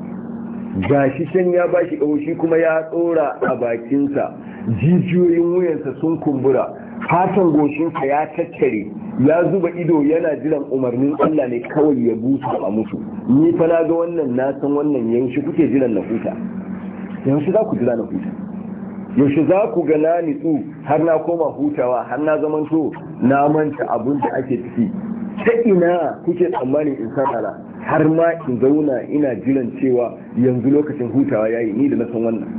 ga shi shan ya bashi ƙaushi kuma ya tsora a bakinsa jijiyoyin wuyansa sun kumbura fatan goshinsa ya tattare ya zuba ido yana jiran umarnin Allah ne kawai ya busa a musu ni fa na ga wannan na san wannan yaushe kuke jiran na huta yaushe za ku jira na huta yaushe za ku ga na nitsu har na koma hutawa har na zamanto na manta abin da ake ciki ta ina kuke tsammanin in har ma in zauna ina jiran cewa yanzu lokacin hutawa yayi ni da na san wannan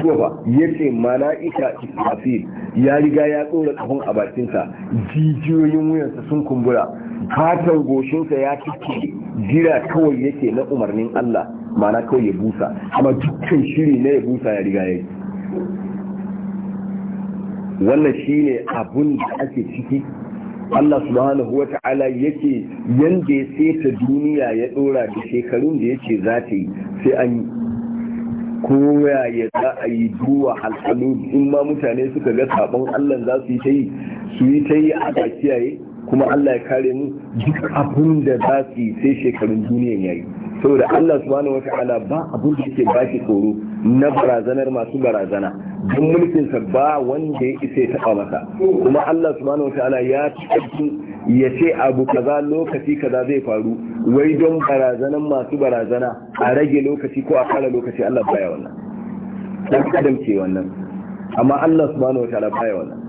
zuwa ba ya ce mala'ika israfil ya riga ya tsora kafin a bakinsa jijiyoyin wuyansa sun kumbura fatar goshinsa ya cike jira kawai yake na umarnin Allah mana kawai ya busa amma dukkan shiri na ya busa ya riga yayi wannan shine abun da ake ciki Allah subhanahu wa ta'ala yake yanda ya seta duniya ya dora da shekarun da yake za ta yi sai an koya ya za a yi duwa halhalu in ma mutane suka ga sabon Allah za su yi ta yi su yi ta yi a kiyaye kuma Allah ya kare mu duk abin da za su yi sai shekarun duniya ya yi. saboda Allah subhanahu wa ta'ala ba abin da yake ba tsoro na barazanar masu barazana don mulkinsa ba wanda ya isa ya taɓa masa kuma Allah subhanahu wa ta'ala ya taɓa ya ce abu kaza lokaci kaza zai faru wai don barazanan masu barazana a rage lokaci ko a kara lokaci Allah baya wannan dan adam wannan amma Allah subhanahu wa ta'ala baya wannan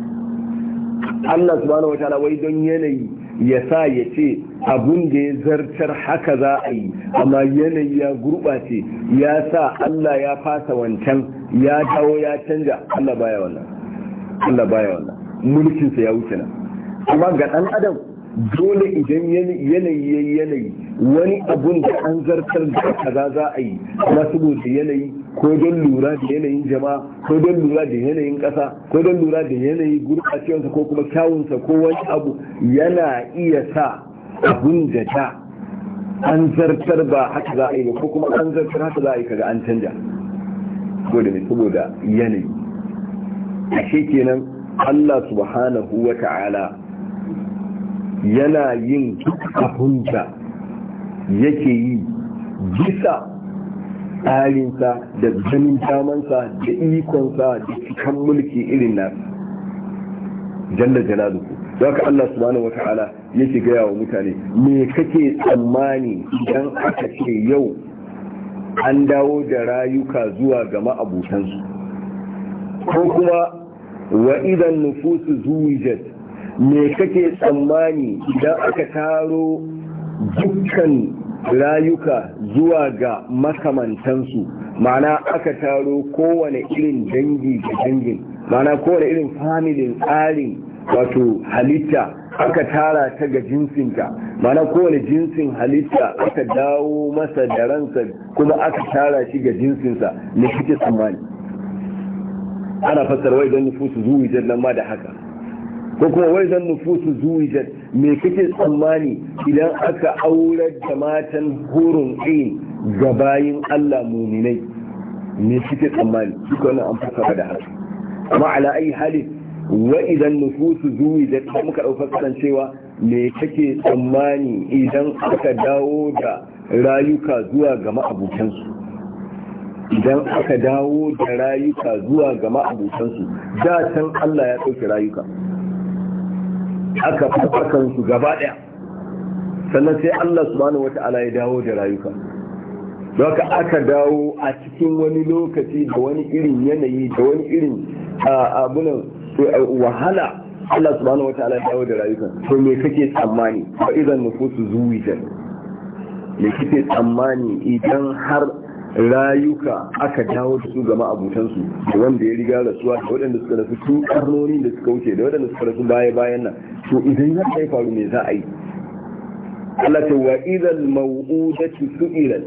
Allah subhanahu wataala wai don yanayi ya sa ya ce abun da ya zartar haka za a yi amma yanayi ya gurɓace ya sa Allah ya fasa wancan ya dawo ya canja Allah baya wannan Allah baya wannan mulkinsa ya wuce nan amma ga ɗan adam dole idan yanayi ya yanayi wani abun da an zartar da kaza za a yi amma saboda yanayi ko don lura da yanayin jama'a ko don lura da yanayin ƙasa ko don lura da yanayi gurɓacewarsa ko kuma kyawunsa ko wani abu yana iya sa abun da ta an zartar ba haka za a yi ba ko kuma an zartar haka za a yi kaga an canja saboda mai saboda yanayi ashe kenan Allah subhanahu wa ta'ala yana yin abun da yake yi bisa tsarinsa da ganin damansa da ikonsa da cikin mulki irin na jalla Za ka Allah subhanahu ya ke gaya wa mutane me kake tsammani idan aka ce yau an dawo da rayuka zuwa ga ma'abutansu ko kuma wa idan nufusu zuwijat me kake tsammani idan aka taro dukkan rayuka zuwa ga makamantansu ma'ana aka taro kowane irin dangi ga dangin ma'ana kowane irin familin tsarin wato halitta aka tara ta ga jinsinka ma'ana kowane jinsin halitta aka dawo masa da ransa kuma aka tara shi ga jinsinsa ne kike tsammani ana fassarwa idan nufusu zuwa jirgin ma da haka ko kuma wai zan nufusu zuwa me kake tsammani idan aka aurar da matan hurun ɗin ga bayin Allah muminai me kake tsammani ka wannan amfasa fassara da haka amma ala ayi halin wa idan nufusu zuwa da muka ɗauka karancewa? cewa me kake tsammani idan aka dawo da rayuka zuwa ga ma'abokansu idan aka dawo da rayuka zuwa ga ma'abutansu da can Allah ya ɗauki rayuka aka farfakan su gaba daya sannan sai Allah subhanahu wata'ala ya dawo da rayuka doka aka dawo a cikin wani lokaci da wani irin yanayi da wani irin abunan eh, wahala Allah subhanahu wata'ala ya dawo da rayuka to me kake tsammani fa idan nufusu zuwijan me kake tsammani idan har rayuka aka dawo da su gama abutansu da wanda ya riga rasuwa da waɗanda suka rasu tun karnoni da suka wuce da waɗanda suka rasu baya bayan nan to idan ya kai faru me za a yi Allah ta wa idan mau'udatu su'ilan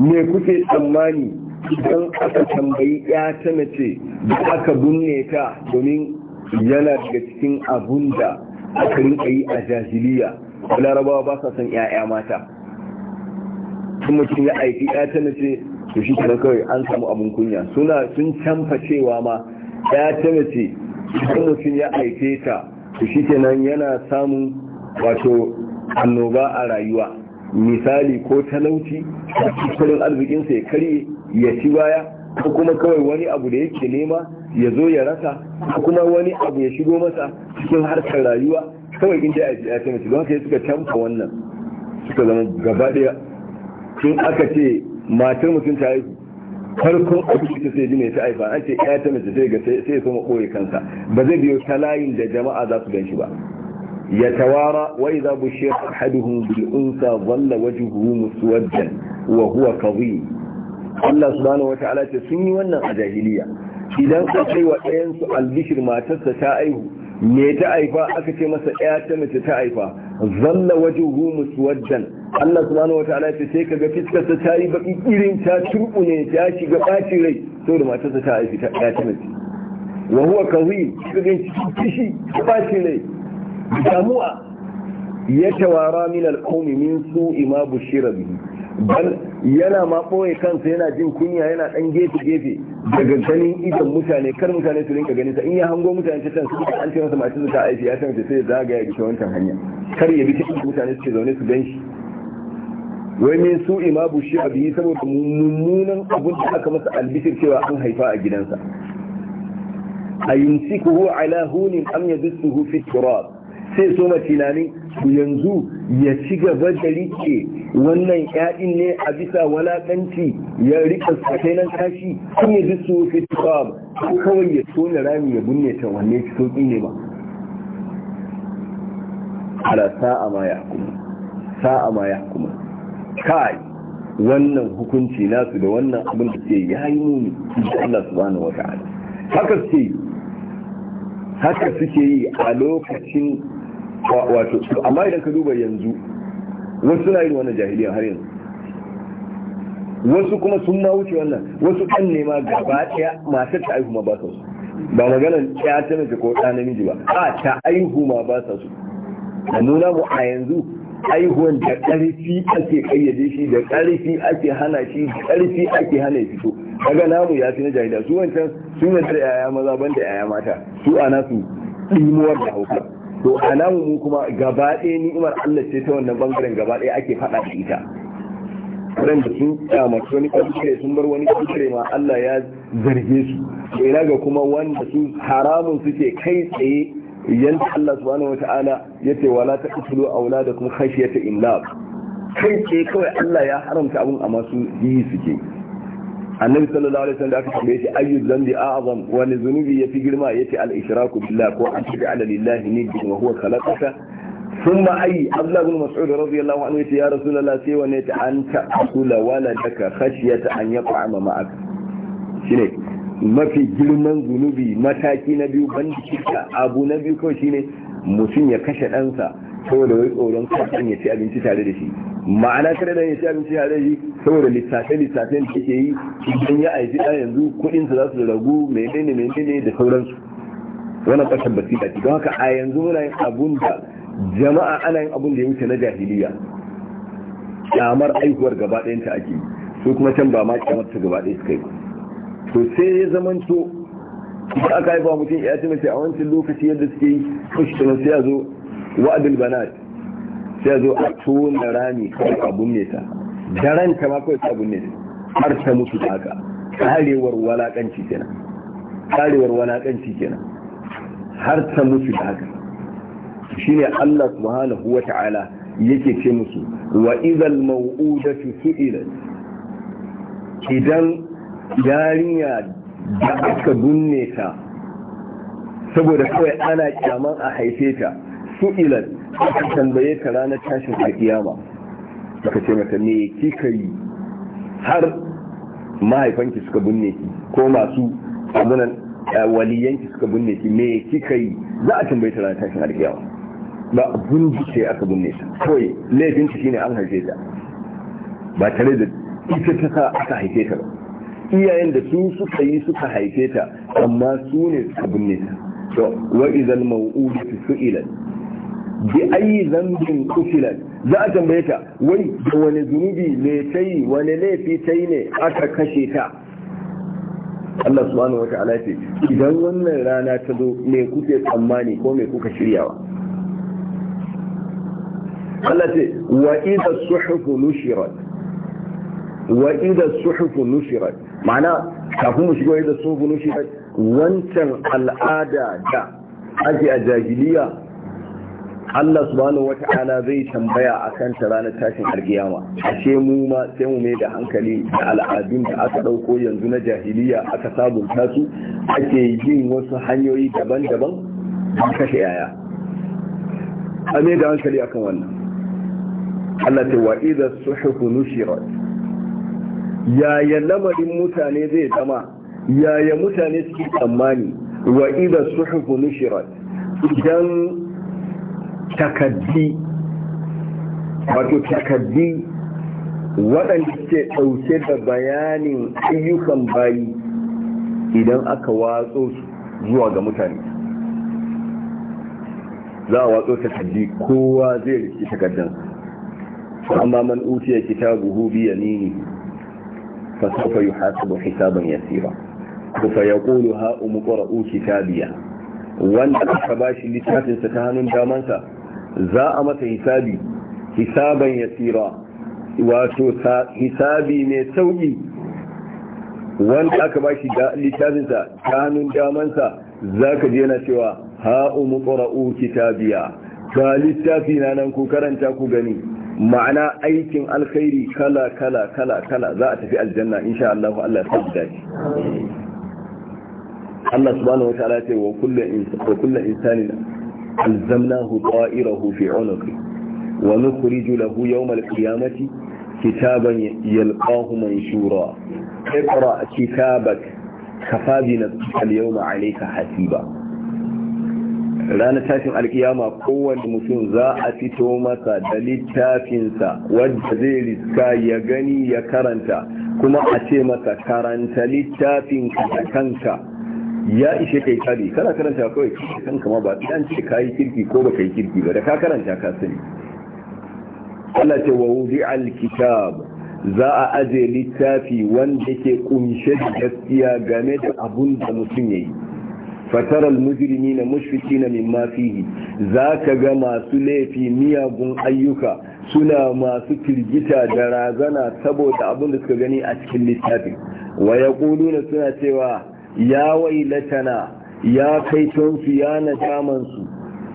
me kuke tsammani idan aka tambayi ya ta mace da aka binne ta domin yana daga cikin abun da aka rinka yi a jahiliya larabawa ba sa son 'ya'ya mata kuma mutum ya aiki ya ta nace to shi kenan kawai an samu abun kunya suna sun canfa cewa ma ya ta nace mutum ya aike ta to shi kenan yana samun wato annoba a rayuwa misali ko talauci tattalin arzikinsa ya karye ya ci baya ko kuma kawai wani abu da yake nema ya zo ya rasa ko kuma wani abu ya shigo masa cikin harkar rayuwa kawai inda ya ce don haka suka canfa wannan suka zama gaba daya tun aka ce matar mutum ta haihu farkon abu ita sai ji mai ta haifa an ce ya ta mace sai ga sai kuma koyi kansa ba zai biyo ta layin da jama'a za su ganshi ba ya tawara wa idza bushira ahaduhum bil unsa dhalla wajhuhu muswaddan wa huwa kadhib Allah subhanahu wata'ala ce sun yi wannan a jahiliya idan ka kai wa ɗayan su albishir matarsa ta aihu me ta aifa aka ce masa ya ta mace ta aifa zalla wajuhu muswajjan Allah subhanahu wataala ce sai kaga fiskar ta tayi baki irin ta turbune ta shiga bacin rai saboda matarsa ta haifi ta ta mace wa huwa kawim kaga cikin kishi bacin rai Jamua ya tawara min al-qawmi min su'i ma bushira bihi bal yana ma ɓoye kansa yana jin kunya yana ɗan gefe gefe daga ganin idan mutane kar mutane su rinka ganin sa in ya hango mutane ta can su an ce masa mace ta aiki ya san ta sai zagaya ga wancan hanya kar ya bi cikin mutane su ke zaune su gan shi wai min su ima bushi a biyi saboda mummunan abun da aka masa albishir cewa an haifa a gidansa a hu ala hunin am yadussuhu fi turab sai so ma yanzu ya ci gaba da rike wannan ƴaƴin ne a bisa walaƙanci ya rika sai nan kashi sun yi dusu fi tsab ko kawai ya tona rami ya binne ta wanne ci ne ba ala sa'a ma kuma sa'a ma kuma. kai wannan hukunci nasu da wannan abin da ke yayi muni da Allah subhanahu wataala haka suke haka suke yi a lokacin wato amma idan ka duba yanzu wasu suna yin wannan jahiliya har yanzu wasu kuma sun ma wuce wannan wasu kan nema gaba ɗaya matar ta aihu ma ba su ba maganar ya ta mace ko ɗa namiji ba a ta aihu ma ba su a nuna mu a yanzu aihuwan da ƙarfi ake ƙayyade shi da ƙarfi ake hana shi da ƙarfi ake hana ya fito daga namu ya fi na jahiliya su wancan su na da yaya maza ban da yaya mata su ana su ɗimuwar da haukar to alamu mu kuma gaba ɗaya ni'imar Allah ce ta wannan bangaren gaba ake faɗa da ita ran da sun kyamaci wani kankare sun bar wani kankare ma Allah ya zarge su ina ga kuma wanda su haramun suke kai tsaye yanzu Allah subhanahu wata'ala ya ce wala ta kusulu aula da kuma khashiyata imlaq kai tsaye kawai Allah ya haramta abun amma su yi suke annabi sallallahu alaihi wasallam da aka tambaye shi ayyu dhanbi a'zam wani zunubi yafi girma yace al ishraku billah ko an taj'ala lillahi nidda wa huwa khalaqaka thumma ay abdullah ibn mas'ud radiyallahu anhu yace ya rasulullah sai wani ta an ta'kula waladaka khashyata an yaq'ama ma'ak shine mafi girman zunubi mataki na biyu ban shirka abu na biyu kawai shine mutum ya kashe ɗansa saboda wai tsoron kan ya ci abinci tare da shi ma'ana kada da yake abinci ya rage saboda littafe-littafen da ke yi idan ya aiki ɗan yanzu kuɗinsa za su ragu menene menene da sauransu wannan ƙasar basira ce don haka a yanzu muna yin abun da jama'a ana yin abun da ya wuce na jahiliya kyamar aihuwar gaba ɗayan ta ake su kuma can ba ma kyamar ta gaba ɗaya suka yi to sai ya to da aka haifa mutum ya ci mace a wancan lokaci yadda suke yi kushi sai ya zo wa'adul banat sai zo a tona rami kai abun nesa daren ta ma kai abun nesa har ta mutu da haka karewar walakanci kenan karewar walakanci kenan har ta mutu da haka shine Allah subhanahu wata'ala yake ce musu wa idhal maw'udatu su'ilat idan yarinya da aka binne ta saboda kawai ana kyaman a haife ta su'ilan aka tambaye ka ranar tashin alkiyama Baka ce mata me kika yi har mahaifanki suka binne ki ko masu abunan eh, waliyanki suka binne ki me kika yi za a tambaye ta ranar tashin kiyama ba abun da ce aka binne ta kawai laifin ta shine an haife ta ba tare da ita ta sa aka haife ta ba iyayen da su suka yi suka haife ta amma su ne suka binne ta to wa idan su su'ilan bi ayi zambin kufilat za a tambaye ta wai da wani zunubi ne ta yi wani laifi ta yi ne aka kashe ta Allah subhanahu wa ta'ala ce idan wannan rana ta zo me kuke tsammani ko me kuka shiryawa Allah ce wa idha suhufu nushirat wa idha suhufu nushirat ma'ana kafin mu shigo idha suhufu nushirat wancan al'ada da ake a jahiliya Allah subhanahu wata'ala zai tambaya a kan ta ranar tashin alkiyama ashe mu ma sai mu mai da hankali da al'adun da aka ɗauko yanzu na jahiliya aka sabunta su ake yin wasu hanyoyi daban-daban don kashe yaya a mai da hankali akan wannan Allah ta wa idza suhufu nushirat yaya lamarin mutane zai zama yaya mutane suke tsammani wa idza suhufu nushirat idan takaddi wato takaddi waɗanda ke ɗauke da bayanin ayyukan bayi idan aka watso su zuwa ga mutane za a watso takaddi kowa zai riki takaddan amma man utiya kitabuhu ya yamini fa sawfa yuhasabu hisaban yasira fa yaqulu ha umqra'u kitabiya wanda aka bashi littafinsa ta hannun damansa za a masa hisabi hisaban yasira wato hisabi mai sauki wanda aka ba shi littafinsa ta hannun damansa za ka je na cewa ha'umu ƙura'u kitabiya ga littafi na nan ku karanta ku gani ma'ana aikin alkhairi kala kala kala kala za a tafi aljanna insha Allah Allah ya tabbata shi Allah subhanahu wa ta'ala ce wa kullu insani ألزمناه طائره في عنقه ونخرج له يوم القيامة كتابا يلقاه منشورا اقرأ كتابك كفى بنفسك اليوم عليك حسيبا ranar tashin alkiyama kowane mutum za a fito masa da littafinsa wadda zai riska ya gani ya karanta kuma a ce masa karanta littafinka da kanka ya ishe kai kare kana karanta kawai kan kama ba dan ce kai kirki ko ba kai kirki ba da ka karanta ka sani Allah ce wa wudi alkitab za a aje littafi wanda yake kunshe da gaskiya game da abun da mutum yayi fataral mujrimina mushfikina mimma fihi za ka ga masu laifi miyagun ayyuka suna masu firgita da razana saboda abin da suka gani a cikin littafin wa yaquluna suna cewa ya latana ya kai tonsu ya na su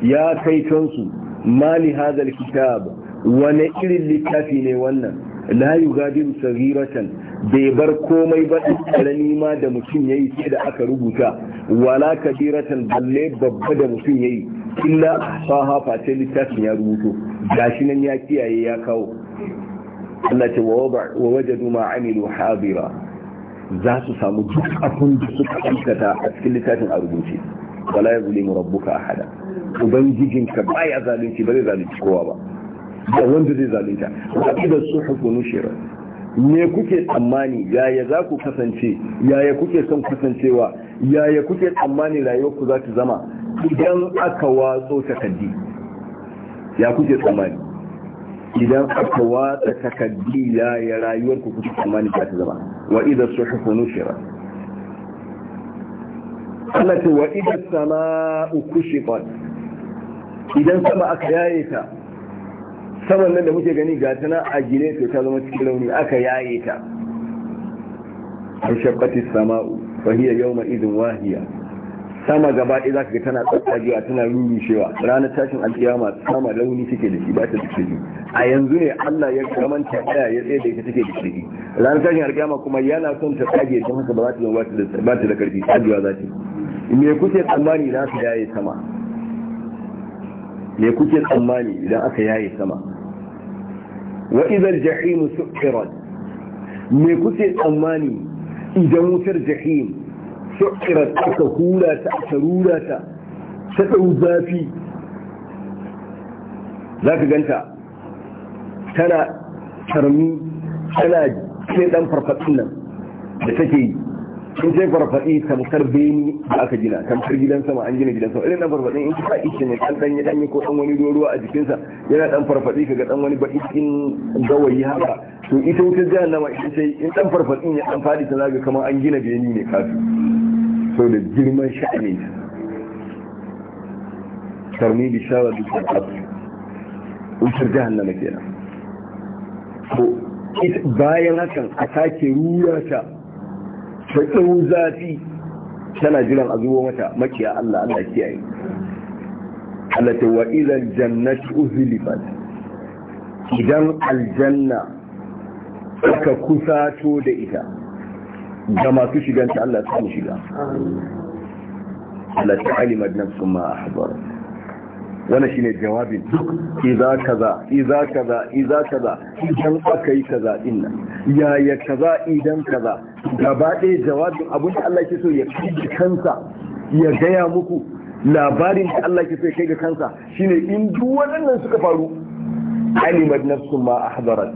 ya kai tonsu mali hadal kitab wani irin littafi ne wannan la yugadiru sagiratan bai bar komai ba karami ma da mutum yayi sai da aka rubuta wala kabiratan balle babba da mutum yayi illa saha face littafin ya rubuto gashi nan ya kiyaye ya kawo Allah ce wa wajadu ma hadira za su samu duk abin da suka aikata a cikin littafin a rubuce wala yazlimu rabbuka ahada ba baya zalunci ba zai zalunci kowa ba ba wanda zai zalunta aqidar suhufu nushira me kuke tsammani yaya za ku kasance yaya kuke son kasancewa yaya kuke tsammani rayuwar ku za ta zama idan aka watso takaddi ya kuke tsammani idan aka watsa takaddi la ya rayuwar ku kuma tsammani ta ta zama wa idan suhufu nushira Allah ce wa idan sama'u kushiqat idan sama aka yaye ta saman nan da muke gani ga tana a gine ta ta zama cikin rauni aka yaye ta har sama'u fa hiya yawma idhin wahiya sama gaba ɗaya za ka ga tana tsatsagewa tana rurushewa ranar tashin alƙiyama sama launi take da shi ba ta take da a yanzu ne Allah ya kaman ta tsaya ya tsaye da ita take da shi ranar tashin alƙiyama kuma yana son ta tsage ta haka ba za ta zama ba ta da karfi tsagewa za ta me kuke tsammani idan aka yaye sama me kuke tsammani idan aka yaye sama wa idan jahimu su'irat me kuke tsammani idan wutar jahimu? shu'irat aka hura ta aka rura ta ta ɗau zafi za ka ganta tana tarmi tana ce ɗan farfaɗin nan da take yi in ce farfaɗi tamkar beni da aka gina tamkar gidan sama an gina gidan sama irin ɗan farfaɗin in kuka ishe ne ɗan ɗanye ɗanye ko ɗan wani ruwa a jikinsa yana ɗan farfaɗi ga ɗan wani baƙin gawayi haka to ita wutar jihar nama ita ce in ɗan farfaɗin ya ɗan faɗi ta zaga kamar an gina beni ne kafin sau da girman sha'anin tarmi bi shawar duka sarkasu wutar jihannama kenan ko bayan hakan a sake ruwa ta ta tsawo zafi tana jiran a zuwa mata makiya Allah Allah kiyaye Allah ta wa idan jannatu uzlifat idan aljanna aka kusato da ita ga masu shiganta Allah ta shiga Allah ta alima nafsun ma ahbar wannan shine jawabin idza kaza idza kaza idza kaza idan aka yi kaza din nan kaza idan kaza gaba jawabin abin da Allah ke so ya kai kansa ya gaya muku labarin da Allah ke so ya kai da kansa shine in duk waɗannan suka faru alimat nafsun ma a ahbarat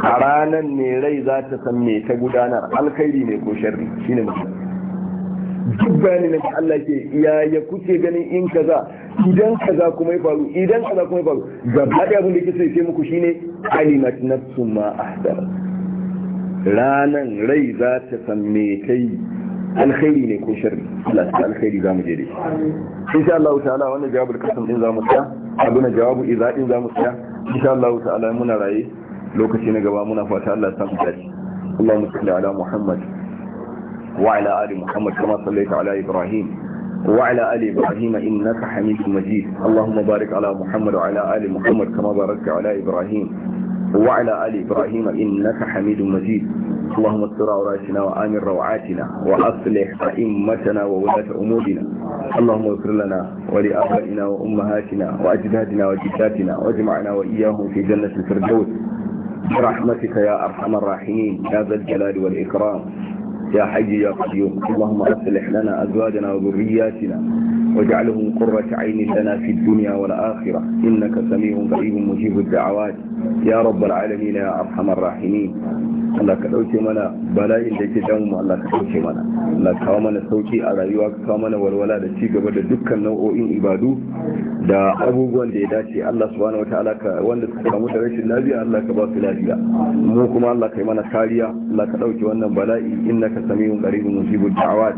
a ranar ne rai za ta san me ta gudanar alkhairi ne ko sharri shine mutum duk bayanin da Allah ke ya ya kuke ganin in kaza idan kaza kuma ya faru idan kaza kuma ya faru gaba da abin da ke sai sai muku shine alimat nafsu ma ahdar ranan rai za ta san me kai alkhairi ne ko sharri Allah ta alkhairi za mu je dai insha Allah ta'ala wannan jawabul kasam din za mu tsaya abuna jawabu idza in za mu tsaya insha Allah ta'ala muna raye lokaci na gaba muna fata Allah ya samu dace Allahumma salli ala Muhammad wa ala ali Muhammad kama sallaita ala Ibrahim wa ala ali Ibrahim innaka Hamidum Majid Allahumma barik ala Muhammad wa ala ali Muhammad kama barakta ala Ibrahim وعلى آل إبراهيم إنك حميد مجيد اللهم استر عوراتنا وآمن روعاتنا وأصلح أئمتنا وولاة أمورنا اللهم اغفر لنا ولآبائنا وأمهاتنا وأجدادنا وجداتنا واجمعنا وإياهم في جنة الفردوس برحمتك يا أرحم الراحمين يا ذا الجلال والإكرام يا حي يا قيوم اللهم أصلح لنا أزواجنا وذرياتنا واجعلهم قرة عين لنا في الدنيا والآخرة إنك سميع قريب مجيب الدعوات يا رب العالمين يا أرحم الراحمين Allah ka ɗauke mana bala'in da yake damu mu Allah ka ɗauke mana Allah kawo mana sauki a rayuwa ka kawo mana walwala da ci gaba da dukkan nau'o'in ibadu da abubuwan da ya dace Allah subhanahu wataala ka wanda suka kamu da rashin lafiya Allah ka ba su lafiya mu kuma Allah ka yi mana kariya Allah ka ɗauke wannan bala'i innaka سميع قريب مجيب الدعوات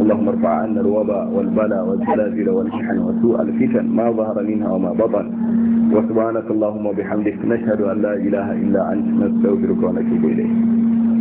اللهم ارفع عنا الوباء والبلاء والزلازل والمحن وسوء الفتن ما ظهر منها وما بطن وسبحانك اللهم وبحمدك نشهد أن لا إله إلا أنت نستغفرك ونتوب إليك